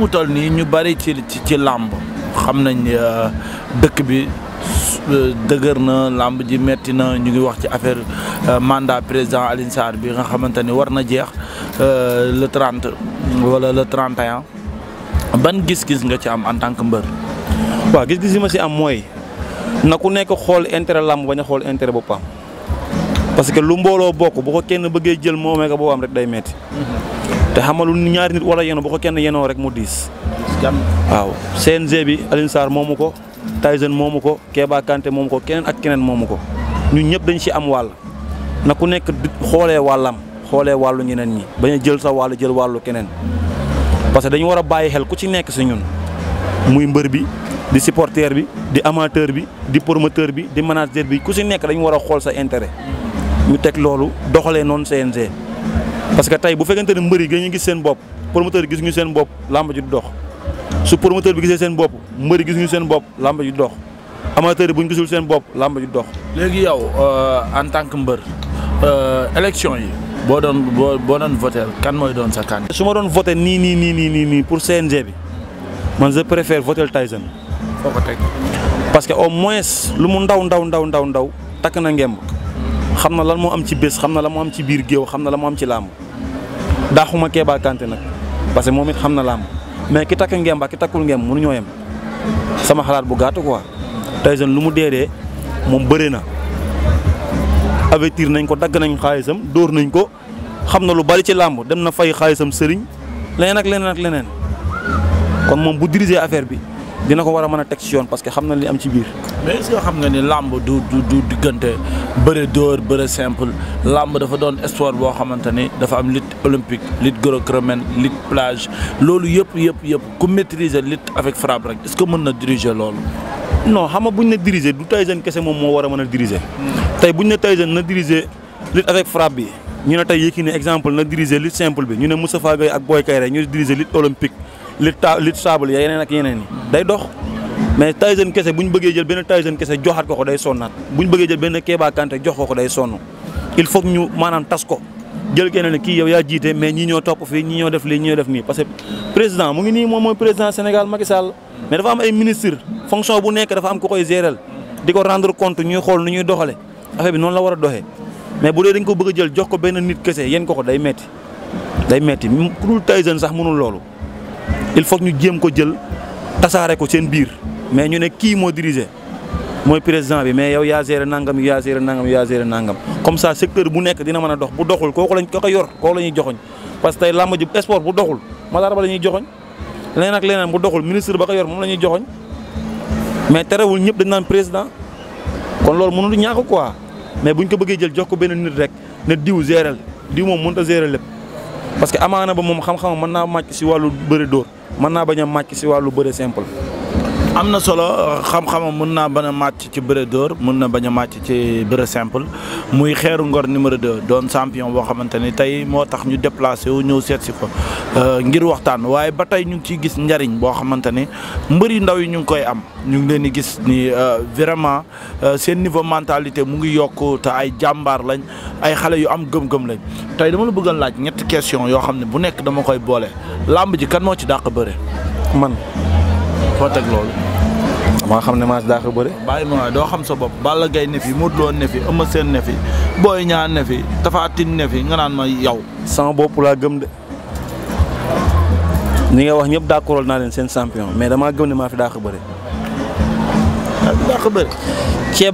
mu toll nii ñu bari ci ci làmb xam nañ euh, dëkk bi euh, dëgër na làmb ji metti na ñu ngi wax ci affaire euh, mandat président Alioune Sarr bi nga xamante ni war na jeex le 30 wala le 31 ban gis-gis nga ci am en tànk que mbër. waaw gis-gis yi ma si am mooy na ku nekk xool intérêt làmb bañ a xool intere boppam parce que lu mbooloo bokk bu ko kenn bëggee jël moomee ko boppam rek day metti mm-hmm. te xamalu ñaari nit wala yeno boo ko kenn yenoo rek mu diis. waaw CNG bi Alioune moomu ko Tyson moomu ko Keba Kanté moomu ko keneen ak keneen moomu ko ñun ñëpp dañu ci am wàll na ku nekk xoolee wàllam xoolee wàllu ñeneen ñi bañ jël sa wàll jël wàllu keneen parce que dañu war a bàyyi xel ku ci nekk si ñun muy mbër bi di supporter bi di amateur bi di promoteur bi di manager bi ku si nekk dañu war a xool sa intérêt ñu teg loolu doxalee noonu CNG. parce que tey bu fekkente ne mbër yi gën ñu gis seen bopp promoteur gis ñu seen bopp làmb ji du dox su promoteur bi gisee seen bopp mbër yi gis ñu seen bopp làmb du dox amateur yi bu ñu gisul seen bopp làmb du dox. léegi yow euh, en tant que mbër euh, élection yi boo doon boo boo doon voté kan mooy doon sa candidat. su ma doon voté nii nii nii nii nii pour CNG bi man je préfère voté Tyson. foo ko teg parce que au moins lu mu ndaw ndaw ndaw ndaw ndaw takk na ngemb. xam na lan moo am ci bés xam na la moo am ci biir géew xam na la moo am ci làmb daaxuma Kéba Kanté nag parce que moom it xam na làmb mais ki takk ngemb ak ki takkul ngemb mënuñoo yem sama xalaat bu gàtt quoi Tyson lu mu dee dee moom bëri na avertir nañ ko dagg nañ xaalisam dóor nañ ko xam na lu bari ci làmb dem na fay xaalisam sëriñ leneen ak leneen ak leneen kon moom bu diriger affaire bi dina ko war a mën a teg ci yoon parce que xam na li am ci biir. mais est xam nga ni làmb du du du diggante bëre dóor bëre simple làmb dafa doon sport boo xamante ni dafa am lutte olympique lutte gréco-romaine lutte plage loolu yëpp yëpp yëpp ku maîtriser lutte avec frappe rek est-ce que mën na diriger loolu. no xam bu buñ ne diriger du Tyson kese moom moo war a mën a diriger. tey buñ ne Tyson na diriger lutte avec frappe bi ñu ne tey Yékini exemple na diriger lutte simple bi ñu ne Moustapha Gueye ak Boy Kayré lutte lutte sable ya yeneen ak yeneen yi day dox mais Tyson kese bu ñu bëggee jël benn Tyson kese joxaat ko ko day sonnaat bu ñu bëggee jël benn Kéba Kanté jox ko ko day sonn il faut ñu maanaam tas ko jël keneen ne kii yow yaa jiite mais ñi ñoo topp fii ñi ñoo def lii ñi ñoo def nii parce que président mu ngi nii moom mooy président Sénégal Macky Sall mais dafa am ay ministre fonction bu nekk dafa am ko koy gérer di ko rendre compte ñuy xool nu ñuy doxale affaire bi noonu la war a doxee mais bu dee dañ ko bëgg jël jox ko benn nit kese yéen ko ko day metti day metti ku dul Tyson sax mënul loolu il faut ñu jéem ko jël tasaare ko seen biir mais ñu ne kii moo diriger mooy président bi mais yow yaa géré nangam yaa géré nangam yaa géré nangam comme ça secteur bu nekk dina mën a dox bu doxul kooku lañ ko yor kooku la ñuy joxoñ parce que tey làmb ji sport bu doxul Matar Ba la ñuy joxoñ leneen ak leneen bu doxul ministre ba ko yor moom la ñuy joxoñ mais terewul ñëpp dañ naan président kon loolu mënul ñàkk quoi mais buñ ko bëggee jël jox ko beneen nit rek na diw géréel diw moom mënut a lépp. parce que amaana ba moom xam-xamam mën naa màcc si wàllu bëre dóor mën naa bañ a màcc si wàllu bëre simple am na solo xam-xamam mën naa bañ a màcc ci bëre dóor mën na bañ a màcc ci bëre simple muy xeer ngor numéro 2 doon champion boo xamante ni tey moo tax ñu déplacé wu ñëw seet si ko euh, ngir waxtaan waaye ba tey ñu ngi ciy gis njariñ boo xamante ni mbër yu ndaw yi ñu ngi koy am ñu ngi leen di gis ni euh, vraiment euh, seen niveau mentalité mu ngi yokk te ay jàmbaar lañ ay xale yu am gëm-gëm lañ tey dama la bëgg laaj ñetti question yoo xam ne bu nekk dama koy boole làmb ji kan moo ci dàq bëre man. boo teg loolu. maa xam ne maa si daax a bàyyi ma waay doo xam sa bopp Balla Gaye ne fi Modou Lo ne fi Eumeu Sène ne fi Boy Niang ne fi Tapha Tine ne fi nga naan ma yow. sama bopp laa gëm de nga wax ñëpp d'accord naa leen seen champion mais damaa gëm ne maa fi daax a bëri.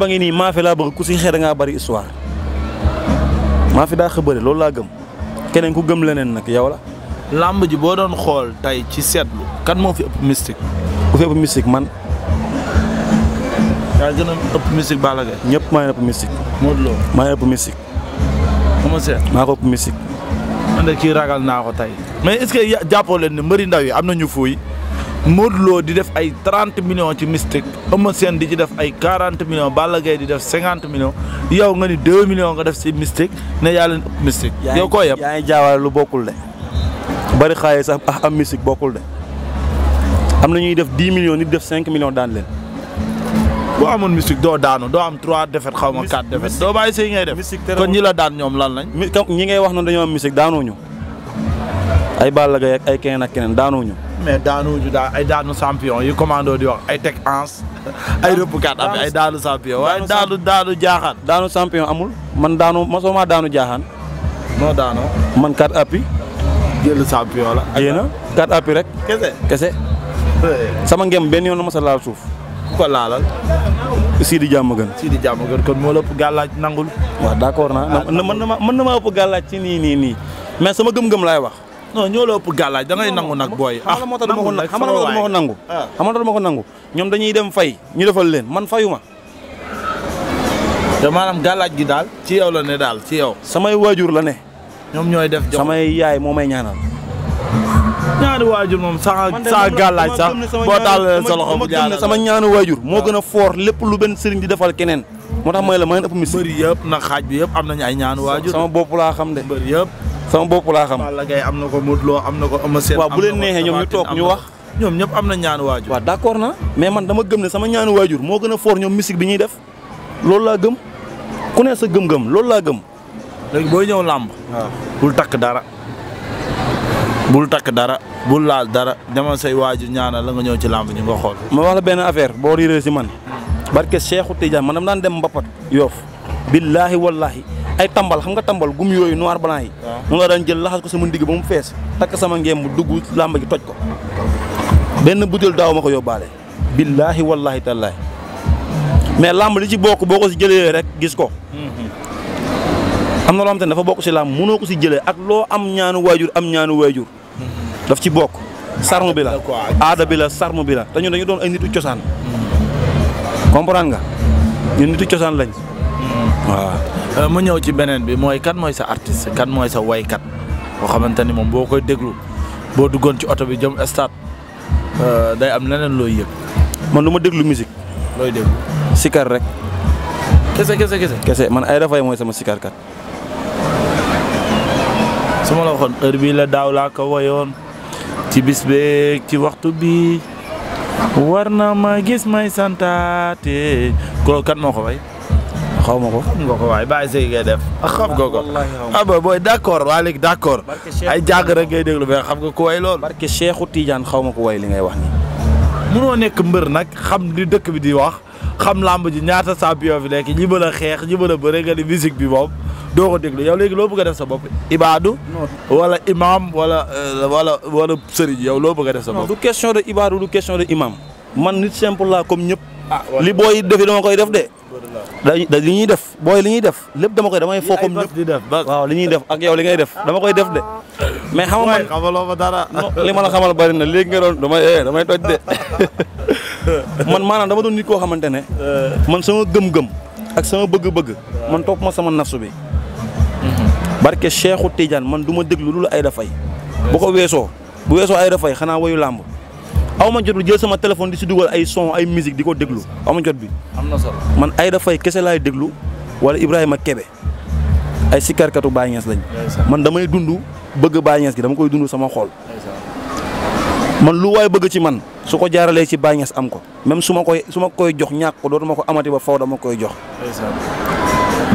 a ngi nii maa fi laa bëgg ku si xëy da ngaa bëri histoire maa fi daax a loolu laa gëm keneen ku gëm leneen nag yow la. làmb ji boo doon xool tey ci seetlu kat moo fi ëpp mystique. ku fi ëpp mystique man. yaa gën a ëpp mystique Balla ñëpp maa ngi ëpp mystique. Modou Lo maa ngi ëpp mystique. Eumeu ko ëpp mystique. man de kii ragal naa ko tey. mais est-ce que jàppoo leen ni mbëri ndaw yi am nañu fuuy Modou Lo di def ay trente millions ci mystique Eumeu seen di ci def ay quarante millions Balla Gaye di def cinquante millions yow nga ni deux millions nga def si mystique ne yaa leen ëpp mystique. yow koo yëpp yaa ngi lu bokkul de. bari sax am mystique bokkul de. xam na ñuy def 10 millions nit def 5 millions daan leen. boo amoon mystique doo daanu doo am 3 défaites xaw ma 4 défaites doo bàyyi sëy ngay def kon ñi la daan ñoom lan lañ. ñi ngay wax noonu dañoo am mystique daanuñu ay Balla Gaye ak ay keneen ak keneen daanuñu. mais daanuñu daa ay daanu sampion yi commando di wax ay teg ans ay rëbbkat am ay daanu champion waaye daanu daanu jaaxaan. daanu amul man daanu ma soo maa daanu jaaxaan. noo daanoo. man 4 appuis. jël champion la. jéem a 4 rek. kese kese. sama ngem benn yoon na mos a laal suuf. ku ko laalal. Sidi Diame gën. Sidi Diame gën kon moo la ëpp gàllaaj nangul. waaw d' accord naa mën na ma mën na maa ëpp gàllaaj ci nii nii nii mais sama gëm-gëm laay wax. non ñoo la ëpp gàllaaj da ngay nangu nag booy. ah nangu nag sama waay xam ah. nga nangu xam nga ma ko nangu. ñoom dañuy dem fay ñu defal leen man fayuma te maanaam gàllaaj gi daal ci yow la ne daal ci yow. samay waajur la ne. ñoom ñooy def jox samay yaay moo may ñaanal. ñaani waajur moom sa sa gàllaaj sax boo taal sa loxo bu jaala sama ñaani waajur moo gën a foor lépp lu benn sëriñ di defal keneen moo tax may la may ëpp mi bëri yëpp xaaj bi yëpp am nañu ay ñaani waajur sama bopp laa xam de bëri yëpp sama bopp laa xam Balla am na ko Lo am na ko Eumeu Sène bu leen neexee ñoom ñu toog ñu wax ñoom ñëpp am na ñaani waajur waaw d'accord na mais man dama gëm ne sama ñaani waajur moo gën a foor ñoom musique bi ñuy def loolu laa gëm ku ne sa gëm-gëm loolu laa gëm léegi booy ñëw làmb bul takk dara bul takk dara bul laal dara demal say waajur ñaanal la nga ñëw ci làmb ñu nga xool. ma wax la benn affaire boo riiree si man. barke Cheikhou Tidiane man dama daan dem Mbapat yoof billaahi wallaahi ay tambal xam nga tambal gum yooyu noir blanc yi. mu nga daan jël laxas ko sama ndigg ba mu fees takk sama ngeem mu dugg làmb ji toj ko. benn butéel daaw ma ko yóbbaale. billaahi wallaahi tallaahi mais làmb li ci bokk boo ko si jëlee rek gis ko. Mhm. am na loo xam te ne dafa bokk si làmb jëlee ak loo am ñaanu waajur am ñaanu waajur. daf ci bokk sarmo bi la aada bi la sarmu bi la te ñun dañu doon ay nitu cosaan comprendre nga ñun nitu cosaan lañ hmm. waa euh, ma ñëw ci beneen bi mooy kan mooy sa artiste kan mooy sa waykat boo xamante ni moom boo koy déglu boo duggoon ci oto bi jëm stade euh, day am leneen looy yëg man lu ma déglu musique looy déglu sikar rek kese kese kese kese man ay rafay mooy sama sikarkat su ma la heure bii la daaw laa ko woyoon ci bis beeg ci waxtu bi war na ma gis may santaate ko kan moo ko way xaw ko xam nga ko waaye bàyyi sëy ah, xam nga ko ah, booy d' accord léegi d' accord ay jàng rek ngay déglu mais xam nga ku way loolu barke Cheikhou Tidiane xaw ma ko way li ngay wax ni munoo nekk mbër nag xam li dëkk bi di wax xam làmb ji ñaata champion fi nekk ñi xeex ñi mën a bi moom doo ko déglu yow léegi loo bëgg a def sa bopp ibaadu wala imam wala euh, wala wala sëriñ yow loo bëgg a def sa bopp du question de ibaadu du question de imaam man nit simple laa comme ñëpp ah, li booy defi dama koy def de da li ñuy def booy li ñuy def lépp dama koy damay foo comme ñëpp def li ñuy def ak yow li ngay def dama koy def de mais xam nga xamaloo ma dara li ma la xamal bari na léegi nga doon damay ee eh, man maanaam dama doon nit koo xamante ne euh. man sama gëm-gëm ak sama bëgg-bëgg man topp ma sama nafsu bi barke Cheikhou Tidiane man duma ma déglu lu Aïda Faye bu ko weesoo bu weesoo Aïda Faye xanaa wayu làmb aw ma jot bi jël sama téléphone di si dugal ay son ay musique di ko déglu aw ma jot bi. am na solo man Aïda Faye kese laay déglu wala Ibrahima Kebe ay sikkarkatu Baay Ñas lañ. man damay dund bëgg Baay Ñas gi dama koy dund sama xool man lu waay bëgg ci man su ko jaaralee ci Baay am ko même su ma koy su ma koy jox ñàkk ko dootuma ko amati ba faw dama koy jox.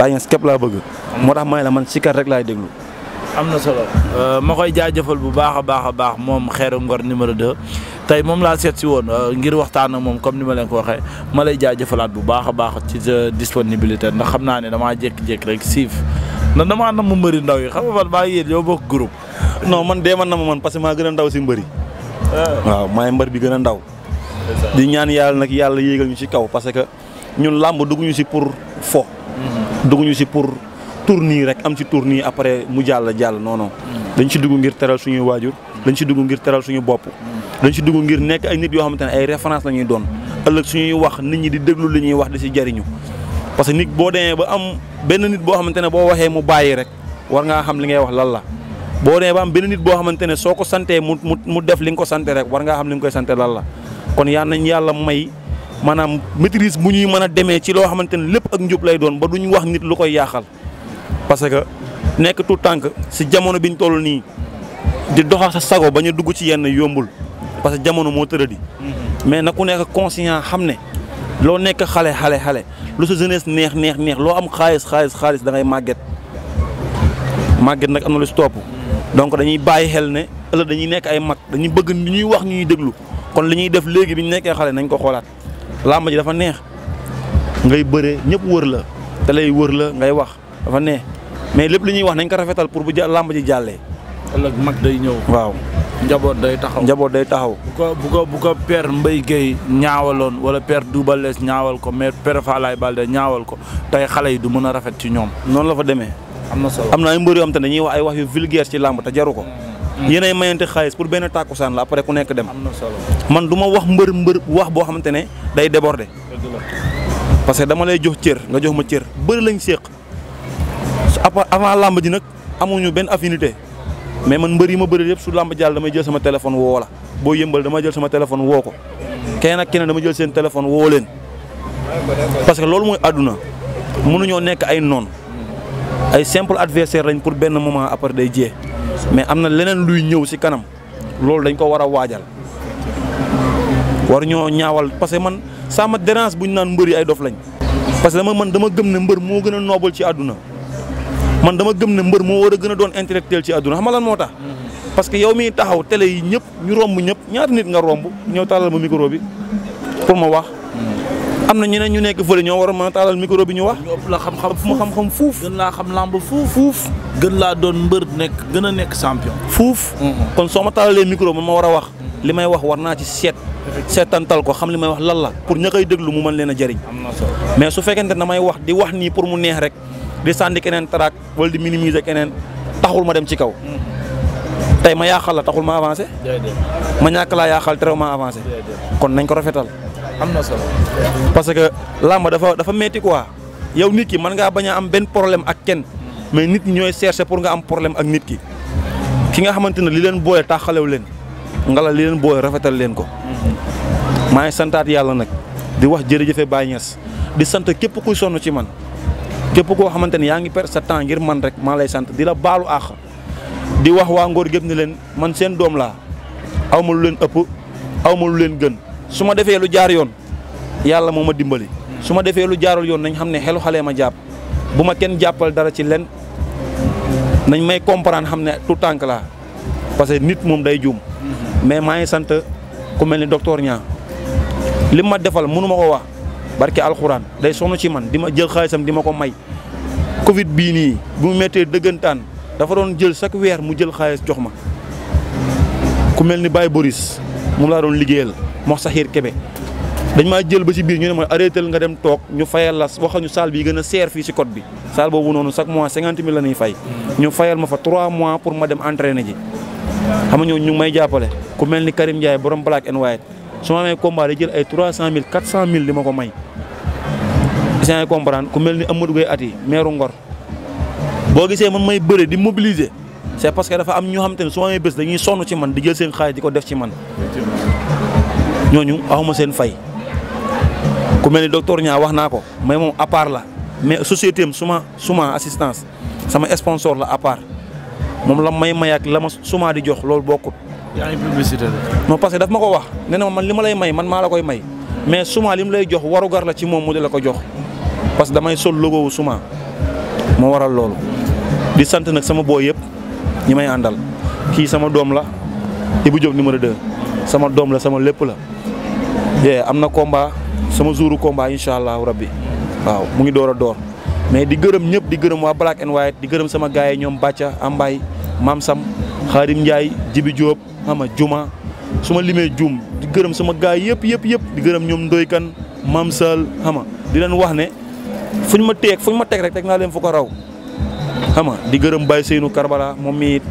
bàyyi ngeen képp la man sikar rek laay déglu am na euh, ma koy jaajëfal bu baax a baax a baax moom Xeeru Ngor numéro 2 tey moom laa seet si woon euh, ngir waxtaan ak moom comme ni ma leen ko waxee ma lay jaajëfalaat bu baax baax ci sa disponibilité ndax xam naa ne damaa jékki-jékki rek siif ndax damaa nam ma mbëri ndaw yi xam nga man maa ngi yow bokk groupe. non man dee na ma man parce que maa gën a ndaw si mbëri. waaw maay mbër bi gën a ndaw. di ñaan yàlla nag yàlla yéegal ñu si kaw parce ñun làmb dugg ñu si pour dugguñu si pour tournée rek am si tournée après mu jàll jàll noonu non dañ si dugg ngir teral suñu waajur dañ si dugg ngir teral suñu bopp dañ si dugg ngir nekk ay nit yoo xamante ne ay référence la ñuy doon ëllëg suñuy wax nit ñi di déglu li ñuy wax di si jariñu parce que nit boo demee ba am benn nit boo xamante ne boo waxee mu bàyyi rek war ngaa xam li ngay wax lan la boo demee ba am benn nit boo xamante ne soo ko santee mu mu mu def li nga ko sante rek war ngaa xam li nga koy sante lan la kon yaa may maanaam maîtrise bu ñuy mën a demee ci loo xamante ne lépp ak njub lay doon ba du ñu wax nit lu koy yaaxal parce que nekk tout tànk si jamono biñ toll nii di doxal sa sago ba ñu dugg ci yenn yombul parce que jamono moo tëradi mais na ku nekk conscient xam ne loo nekk xale xale xale lu sa jeunesse neex neex neex loo am xaalis xaalis xaalis da ngay màgget nag am na lu si topp donc dañuy bàyyi xel ne ëllëg dañuy nekk ay mag dañuy bëgg li ñuy wax ñuy déglu kon li ñuy def léegi bi ñu nekkee xale nañ ko xoolaat làmb ji dafa neex ngay bëre ñëpp wër la te lay wër la ngay wax dafa neex mais lépp lu ñuy wax nañ ko rafetal pour bu làmb ji jàllee. ëllëg mag day ñëw. waaw njaboot day taxaw njaboot day taxaw. bu ko bu ko bu ko père mbay Guèye ñaawaloon wala per du Less ñaawal ko mais per Falaye Balde ñaawal ko tey xale yi du mën a rafet ci ñoom. noonu la fa demee. am na solo am na ay mbër yoo xam te ne dañuy wax ay wax yu vulgaire ci làmb te jaru ko. yéen ay mayante xaalis pour benn tàkkusaan la après ku nekk dem. am na solo man du ma wax mbër mbër wax boo xamante ne day déborder. parce que dama lay jox cër nga jox ma cër bëri lañ séq avant làmb ji nag amuñu benn affinité mais man mbër yi ma bëri yëpp su làmb jàll damay jël sama téléphone woo la boo yëmbal damay jël sama téléphone woo ko keneen ak keneen dama jël seen téléphone woo leen parce que loolu mooy àdduna mënuñoo nekk ay noon ay simple adversaire lañ pour benn moment après day jee mais am na leneen luy ñëw si kanam loolu dañ ko war a waajal war ñoo ñaawal parce que man sama dérange bu ñu naan mbër yi ay dof lañ. parce que dama man dama gëm ne mbër moo gën a noobal ci àdduna man dama gëm ne mbër moo war a gën a doon intellectuel ci àdduna xam moo tax. parce que yow miy taxaw tele yi ñëpp ñu romb ñëpp ñaata nit nga romb ñëw tàllal ma micro bi pour ma wax. am na ñeneen ñu nekk fële ñoo war a mën a taalal bi ñu wax. ñu ëpp la xam-xam fuuf xam-xam fuuf. gën laa xam làmb laa doon mbër nekk gën a nekk champion. fuuf. Mm-hmm. kon soo ma taalalee micro man ma war a wax. li may wax war naa ci seet. seetantal ko xam li may wax lan la. pour ña koy déglu mu mën leen a jëriñ. mais su fekkente damay wax di wax nii pour mu neex rek. di sànni keneen taraak wala di minimiser keneen taxul ma dem ci kaw. Mm-hmm. tey ma yaaxal la taxul ma avancé. ma ñàkk laa yaaxal terew ma avancé. kon nañ ko rafetal. am na solo parce que làmb dafa dafa metti quoi yow nit ki mën ngaa bañ am benn problème ak kenn mais nit ñi ñooy chercher pour nga am problème ak nit ki ki nga xamante ne li leen boole taxalewu leen ngala li leen boole rafetal leen ko. maa santaat yàlla nag di wax jërëjëfe Baye Niass di sant képp kuy sonn ci man képp koo xamante ne yaa ngi per sa temps ngir man rek maa lay sant di la baalu àq di wax waa Ngor gépp ni leen man seen doom laa aw lu leen ëpp leen gën. su ma defee lu jaar yoon yàlla moo ma dimbali su ma defee lu jaarul yoon nañu xam ne xelu xale ma jàpp bu ma kenn jàppal dara ci len nañ may comprendre xam ne tout tànk laa parce que nit moom day juum mais maa ngi sant ku mel ni docteur Niang li ma defal mënuma ko wax barke alxuraan day sonn ci man di ma jël xaalisam di ma ko may Covid bii nii bu mu méttee dëggantaan dafa doon jël chaque weer mu jël xaalis jox ma ku mel ni Baye Boris moom laa doon liggéeyal. Mokhsakir Kébé dañ maa jël ba ci biir ñu ne mooy arrêté nga dem toog ñu fayal la waxuñu salle bi gën a seer fii ci code bi salle boobu noonu chaque mois cinquante mille la ñuy fay. ñu fayal trois mois pour ma dem entraîner ji xam nga ñu may jàppale ku mel ni Karim Ndiaye borom black and white su ma amee combat jël ay trois cent mille quatre cent mille li ko may. si nga ku mel ni Amadou Gueye at yi meeru Ngor boo gisee man may bëre di mobiliser c'est parce que dafa am ñoo xam te ne su ma amee bés dañuy sonn ci man di jël seen xaalis di ko def ci man. ñooñu awma seen fay ku mel ni docteur ñaa wax naa ko mais moom à part la mais société am suma suma assistance sama sponsor la à part moom la may may la ma suma di jox loolu bokkut. yaa ngi publicité parce que daf ma ko wax nee na man li ma lay may man maa la koy may mais suma li mu lay jox warugar la ci moom mu di la ko jox parce que damay sol logo wu suma moo waral loolu. di sant nag sama booy yëpp ñi may àndal kii sama doom la Ibou jox numéro 2 sama doom la sama lépp la. yee am na komba sama jouru combat incha allah rabbi waaw mu ngi door a door mais di gërëm ñëpp di gërëm waa Black and White di gërëm sama gars yi ñoom Bacca Ambay Mam Sam Xaarim Ndiaye Jibi Diop ama Juma su ma limee Jum di gërëm sama gars yëpp yëpp yëpp di gërëm ñoom Ndoykan Mam Sall xama di leen wax ne fuñ ma teeg fuñ ma teg rek teg naa leen fu ko raw xama di gërëm Baye Seynou Karbala moom mi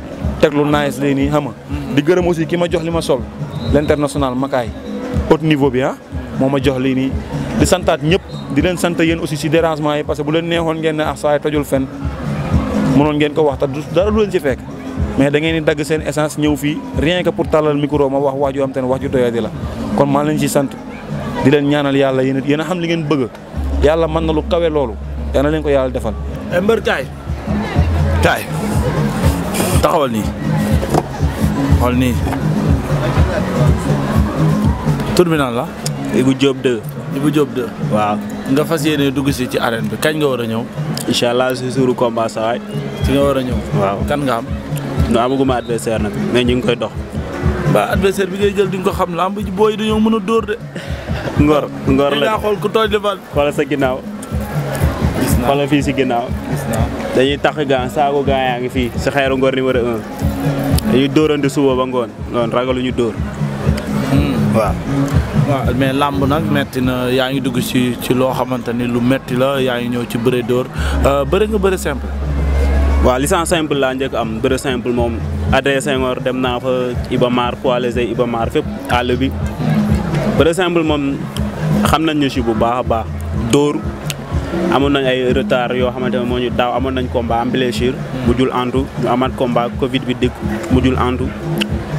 teg lu nice lii nii xama di gërëm aussi kii ma jox li ma sol l'international Makaay ot niveau bi ah moo ma jox lii nii di santaat ñëpp di leen sant yéen aussi si dérangement yi parce que bu leen neexoon ngeen ne ah saa yi tojul fenn mënoon ngeen ko wax te du dara du leen ci fekk mais dangeen di dagg seen essence ñëw fii rien que pour tàllal micro ma wax wax ju am te ne wax ju doyadi la kon maa leen ci sant di leen ñaanal yàlla yéen yéen a xam li ngeen bëgg yàlla mën na lu kawe loolu yal na leen ko yàlla defal. Eh, mbër kaay kaay taxawal tur bi nan la. Ibou Diop 2. Ibou Diop waaw. nga fas yéene dugg si ci arène bi kañ nga war a ñëw. incha allah si suuru combat si nga war a ñëw. waaw kan nga am. non amaguma adversaire nag mais ñu ngi koy dox. ba adversaire bi ngay jël di nga ko xam lamb ji booy dañoo mën a dóor de. ngor ngor la xool ku tooj li bal. xoolal sa ginnaaw. gis fii si ginnaaw. gis dañuy tax gan saako gan yaa ngi fii si xeeru ngor numéro un. dañuy dóorandi suba ba ngoon noonu ragaluñu dóor. Hmm. waaw mais làmb nag metti na yaa ngi dugg ci ci loo xamante ni lu metti la yaa ngi ñëw ci bëre dóor euh, bëre nga bëre simple waaw licence simple laa njëkk am bëre simple moom adré Senghor dem naa fa Ibamar poids léger Ibamar fépp àll bi bëre simple moom xam nañ ñu si bu baax a baax dóor amoon nañ ay retard yoo xamante ne moo ñu daaw amoon nañ combat am blessure hmm. mujjul antu ñu amaat combat covid bi dikk mujjul antu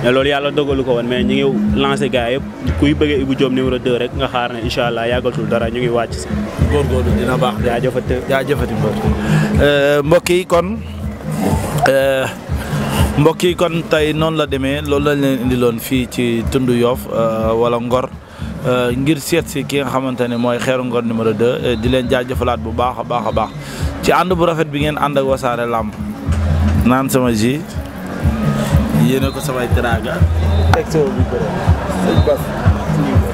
mais loolu yàlla dogalu ko woon mais ñu ngi lancé gars yëpp kuy bëggee Ibou Diop numéro de rek nga xaar ne incha allah yàggatul dara ñu ngi wàcc si. góorgóorlu dina baax. jaajëfati jaajëfati mbokk euh, mbokk yi kon. Euh, mbokk yi kon tey noonu la demee loolu lañ leen indiloon fii ci tund Yoff euh, wala Ngor ngir seet si ki nga xamante ne mooy Xeeru Ngor numéro de di leen jaajëfalaat bu baax a baax a baax ci ànd bu rafet bi ngeen ànd ak wasaare làmb naan sama ji yéene ko samay teraanga. teg sa bi bëre sëñ Bas.